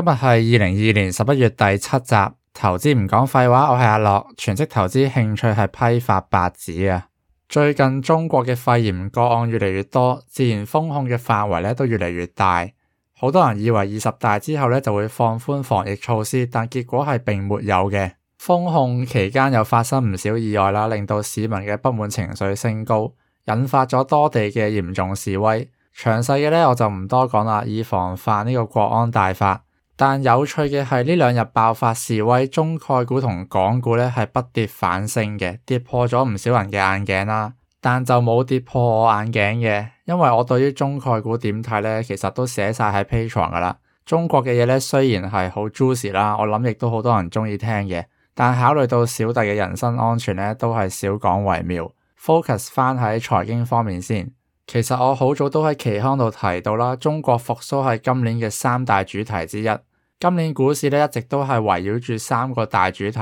今日係二零二二年十一月第七集，投資唔講廢話。我係阿樂，全職投資興趣係批發白紙啊。最近中國嘅肺炎個案越嚟越多，自然封控嘅範圍咧都越嚟越大。好多人以為二十大之後咧就會放寬防疫措施，但結果係並沒有嘅。封控期間又發生唔少意外啦，令到市民嘅不滿情緒升高，引發咗多地嘅嚴重示威。詳細嘅咧我就唔多講啦，以防犯呢個國安大法。但有趣嘅係呢兩日爆發示威，中概股同港股呢係不跌反升嘅，跌破咗唔少人嘅眼鏡啦。但就冇跌破我眼鏡嘅，因為我對於中概股點睇呢，其實都寫晒喺 Patreon 噶啦。中國嘅嘢呢，雖然係好 juicy 啦，我諗亦都好多人中意聽嘅，但考慮到小弟嘅人身安全呢，都係少講為妙。focus 翻喺財經方面先，其實我好早都喺期刊度提到啦，中國復甦係今年嘅三大主題之一。今年股市一直都係圍繞住三個大主題，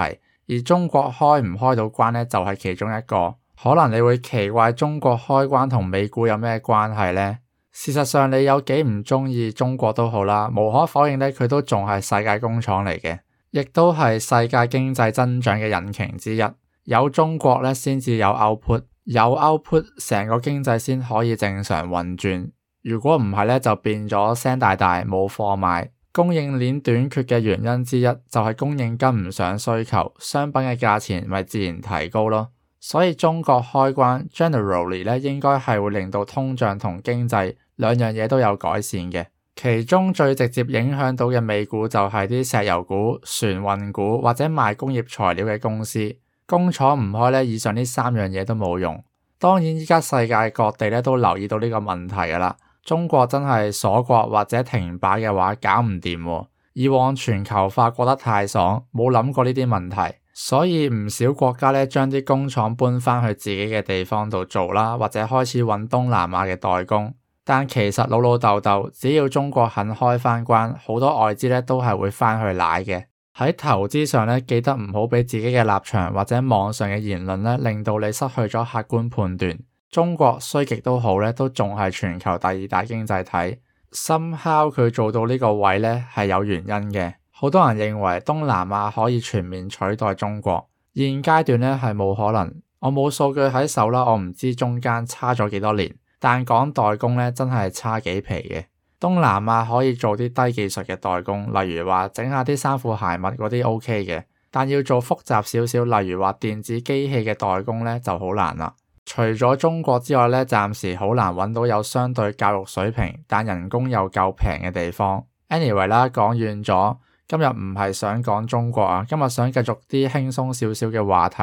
而中國開唔開到關咧就係其中一個。可能你會奇怪中國開關同美股有咩關係呢？事實上，你有幾唔中意中國都好啦，無可否認咧，佢都仲係世界工廠嚟嘅，亦都係世界經濟增長嘅引擎之一。有中國咧先至有 output，有 output 成個經濟先可以正常運轉。如果唔係咧，就變咗聲大大，冇貨賣。供應鏈短缺嘅原因之一就係、是、供應跟唔上需求，商品嘅價錢咪自然提高咯。所以中國開關 generally 咧，應該係會令到通脹同經濟兩樣嘢都有改善嘅。其中最直接影響到嘅美股就係啲石油股、船運股或者賣工業材料嘅公司。工廠唔開呢，以上呢三樣嘢都冇用。當然，依家世界各地咧都留意到呢個問題噶啦。中國真係鎖國或者停擺嘅話，搞唔掂啊。以往全球化過得太爽，冇諗過呢啲問題，所以唔少國家呢，將啲工廠搬翻去自己嘅地方度做啦，或者開始搵東南亞嘅代工。但其實老老豆豆，只要中國肯開翻關，好多外資呢都係會翻去奶嘅。喺投資上呢，記得唔好俾自己嘅立場或者網上嘅言論呢，令到你失去咗客觀判斷。中國衰極都好咧，都仲係全球第二大經濟體。深敲佢做到呢個位咧，係有原因嘅。好多人認為東南亞可以全面取代中國，現階段咧係冇可能。我冇數據喺手啦，我唔知中間差咗幾多年。但講代工咧，真係差幾皮嘅。東南亞可以做啲低技術嘅代工，例如話整下啲衫褲鞋襪嗰啲 OK 嘅，但要做複雜少少，例如話電子機器嘅代工咧，就好難啦。除咗中國之外呢，暫時好難搵到有相對教育水平，但人工又夠平嘅地方。Anyway 啦，講遠咗，今日唔係想講中國啊，今日想繼續啲輕鬆少少嘅話題，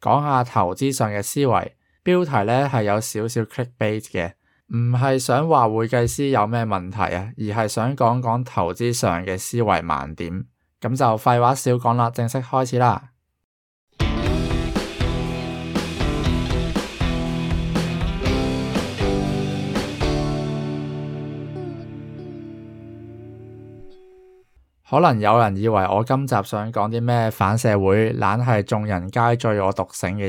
講下投資上嘅思維。標題呢係有少少 click bait 嘅，唔係想話會計師有咩問題啊，而係想講講投資上嘅思維盲點。咁就廢話少講啦，正式開始啦。可能有人以為我今集想講啲咩反社會、懶係眾人皆醉我獨醒嘅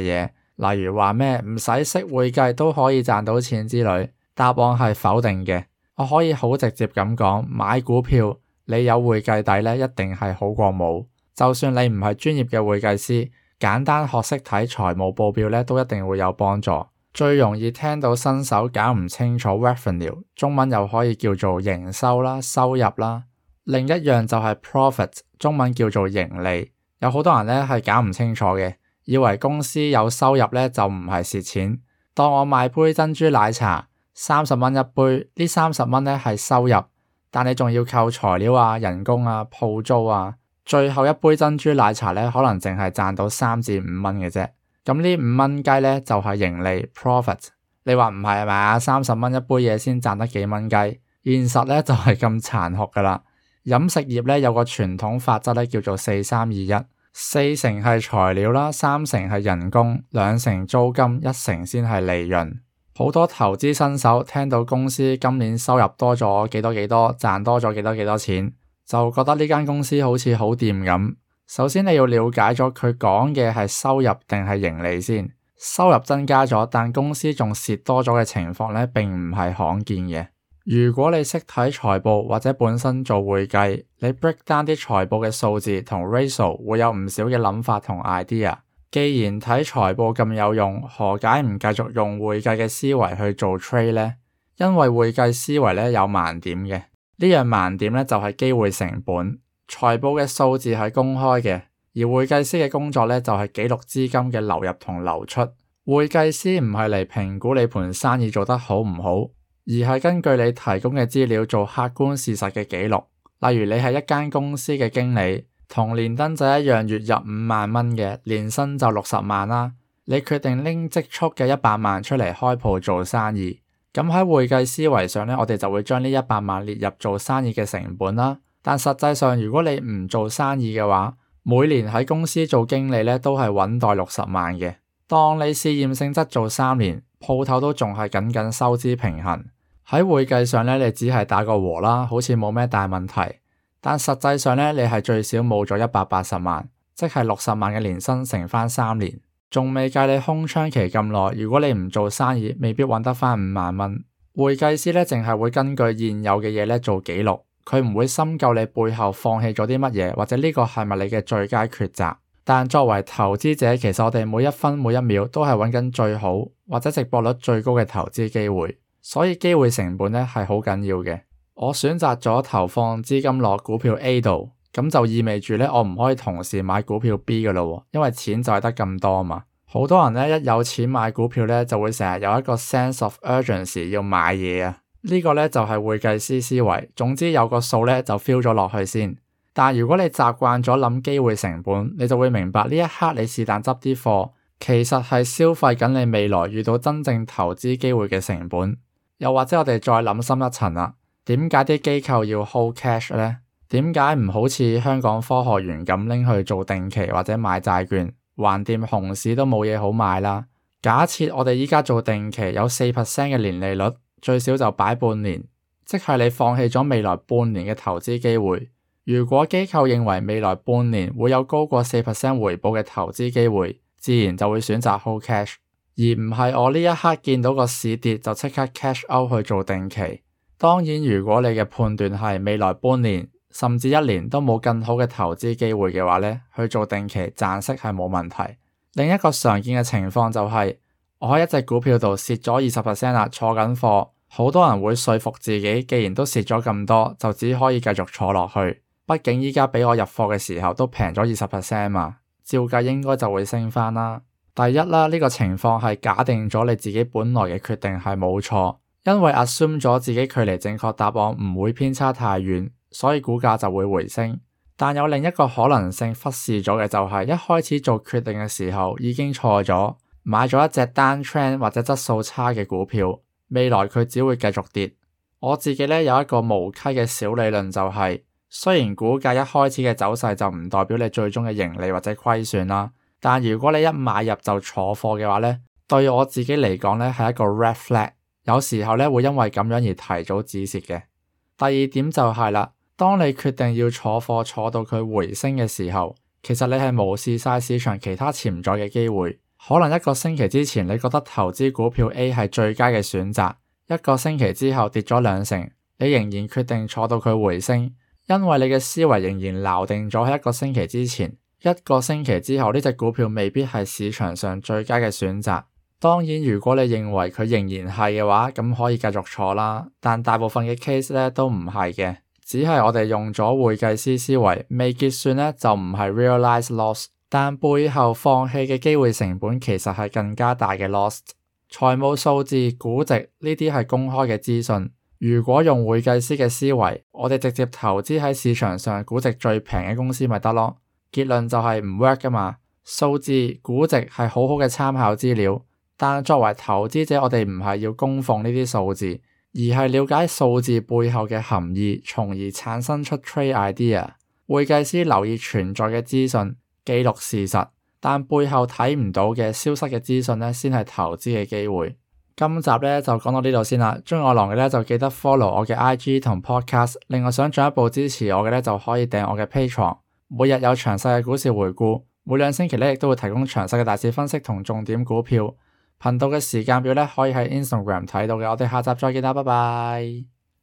嘢，例如話咩唔使識會計都可以賺到錢之類。答案係否定嘅。我可以好直接咁講，買股票你有會計底咧，一定係好過冇。就算你唔係專業嘅會計師，簡單學識睇財務報表咧，都一定會有幫助。最容易聽到新手搞唔清楚 revenue，中文又可以叫做營收啦、收入啦。另一樣就係 profit，中文叫做盈利。有好多人呢係搞唔清楚嘅，以為公司有收入呢就唔係蝕錢。當我買杯珍珠奶茶三十蚊一杯，這呢三十蚊呢係收入，但你仲要扣材料啊、人工啊、鋪租啊，最後一杯珍珠奶茶呢，可能淨係賺到三至五蚊嘅啫。咁呢五蚊雞呢，就係、是、盈利 profit。你話唔係啊嘛？三十蚊一杯嘢先賺得幾蚊雞？現實呢就係咁殘酷㗎喇～飲食業咧有個傳統法則咧叫做四三二一，四成係材料啦，三成係人工，兩成租金，一成先係利潤。好多投資新手聽到公司今年收入多咗幾多幾多，賺多咗幾多幾多錢，就覺得呢間公司好似好掂咁。首先你要了解咗佢講嘅係收入定係盈利先。收入增加咗，但公司仲蝕多咗嘅情況咧，並唔係罕見嘅。如果你識睇財報或者本身做會計，你 break down 啲財報嘅數字同 ratio 會有唔少嘅諗法同 idea。既然睇財報咁有用，何解唔繼續用會計嘅思維去做 trade 呢？因為會計思維咧有盲點嘅，呢樣盲點咧就係機會成本。財報嘅數字係公開嘅，而會計師嘅工作咧就係記錄資金嘅流入同流出。會計師唔係嚟評估你盤生意做得好唔好。而係根據你提供嘅資料做客觀事實嘅記錄，例如你係一間公司嘅經理，同連登仔一樣月入五萬蚊嘅，年薪就六十萬啦。你決定拎積蓄嘅一百萬出嚟開鋪做生意，咁喺會計思維上咧，我哋就會將呢一百萬列入做生意嘅成本啦。但實際上，如果你唔做生意嘅話，每年喺公司做經理咧都係穩袋六十萬嘅。當你試驗性質做三年，鋪頭都仲係僅僅收支平衡，喺會計上呢，你只係打個和啦，好似冇咩大問題。但實際上呢，你係最少冇咗一百八十萬，即係六十萬嘅年薪乘翻三年，仲未計你空窗期咁耐。如果你唔做生意，未必搵得翻五萬蚊。會計師呢，淨係會根據現有嘅嘢呢做記錄，佢唔會深究你背後放棄咗啲乜嘢，或者呢個係咪你嘅最佳抉擇。但作為投資者，其實我哋每一分每一秒都係揾緊最好或者值博率最高嘅投資機會，所以機會成本咧係好緊要嘅。我選擇咗投放資金落股票 A 度，咁就意味住咧我唔可以同時買股票 B 噶啦，因為錢就係得咁多嘛。好多人咧一有錢買股票咧，就會成日有一個 sense of urgency 要買嘢啊。呢個咧就係會計師思維。總之有個數呢，就 fill 咗落去先。但如果你習慣咗諗機會成本，你就會明白呢一刻你是但執啲貨，其實係消費緊你未來遇到真正投資機會嘅成本。又或者我哋再諗深一層啦，點解啲機構要 hold cash 呢？點解唔好似香港科學園咁拎去做定期或者買債券？橫掂熊市都冇嘢好買啦。假設我哋依家做定期有四 percent 嘅年利率，最少就擺半年，即係你放棄咗未來半年嘅投資機會。如果機構認為未來半年會有高過四 percent 回報嘅投資機會，自然就會選擇 hold cash，而唔係我呢一刻見到個市跌就即刻 cash out 去做定期。當然，如果你嘅判斷係未來半年甚至一年都冇更好嘅投資機會嘅話呢，去做定期賺息係冇問題。另一個常見嘅情況就係、是、我喺一隻股票度蝕咗二十 percent 啦，坐緊貨，好多人會說服自己，既然都蝕咗咁多，就只可以繼續坐落去。畢竟依家俾我入貨嘅時候都平咗二十 percent 嘛，照計應該就會升翻啦。第一啦，呢、這個情況係假定咗你自己本來嘅決定係冇錯，因為 assume 咗自己距離正確答案唔會偏差太遠，所以股價就會回升。但有另一個可能性忽視咗嘅就係、是、一開始做決定嘅時候已經錯咗，買咗一隻單 trend 或者質素差嘅股票，未來佢只會繼續跌。我自己咧有一個無稽嘅小理論就係、是。雖然股價一開始嘅走勢就唔代表你最終嘅盈利或者虧損啦，但如果你一買入就坐貨嘅話呢，對於我自己嚟講呢，係一個 red flag，有時候呢，會因為咁樣而提早止蝕嘅。第二點就係、是、啦，當你決定要坐貨坐到佢回升嘅時候，其實你係冇視晒市場其他潛在嘅機會。可能一個星期之前你覺得投資股票 A 係最佳嘅選擇，一個星期之後跌咗兩成，你仍然決定坐到佢回升。因為你嘅思維仍然錨定咗喺一個星期之前，一個星期之後呢隻股票未必係市場上最佳嘅選擇。當然，如果你認為佢仍然係嘅話，咁可以繼續坐啦。但大部分嘅 case 咧都唔係嘅，只係我哋用咗會計師思，思維，未結算咧就唔係 realize loss，但背後放棄嘅機會成本其實係更加大嘅 loss。財務數字、估值呢啲係公開嘅資訊。如果用會計師嘅思維，我哋直接投資喺市場上估值最平嘅公司咪得咯？結論就係唔 work 噶嘛。數字估值係好好嘅參考資料，但作為投資者，我哋唔係要供奉呢啲數字，而係了解數字背後嘅含義，從而產生出 trade idea。會計師留意存在嘅資訊，記錄事實，但背後睇唔到嘅消失嘅資訊呢先係投資嘅機會。今集咧，就講到呢度先啦。鍾意我郎嘅咧，就記得 follow 我嘅 IG 同 Podcast。另外想進一步支持我嘅咧，就可以訂我嘅 Patreon。每日有詳細嘅股市回顧，每兩星期咧亦都會提供詳細嘅大市分析同重點股票。頻道嘅時間表咧可以喺 Instagram 睇到嘅。我哋下集再見啦，拜拜。